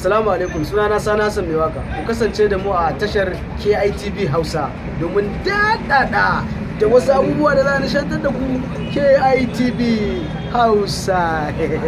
Assalamu alaikum sunana Sani san mai waka. Ku kasance da mu a tashar KITV Hausa domin daɗaɗa da wasu abubuwa da za nishantar da ku KITV Hausa.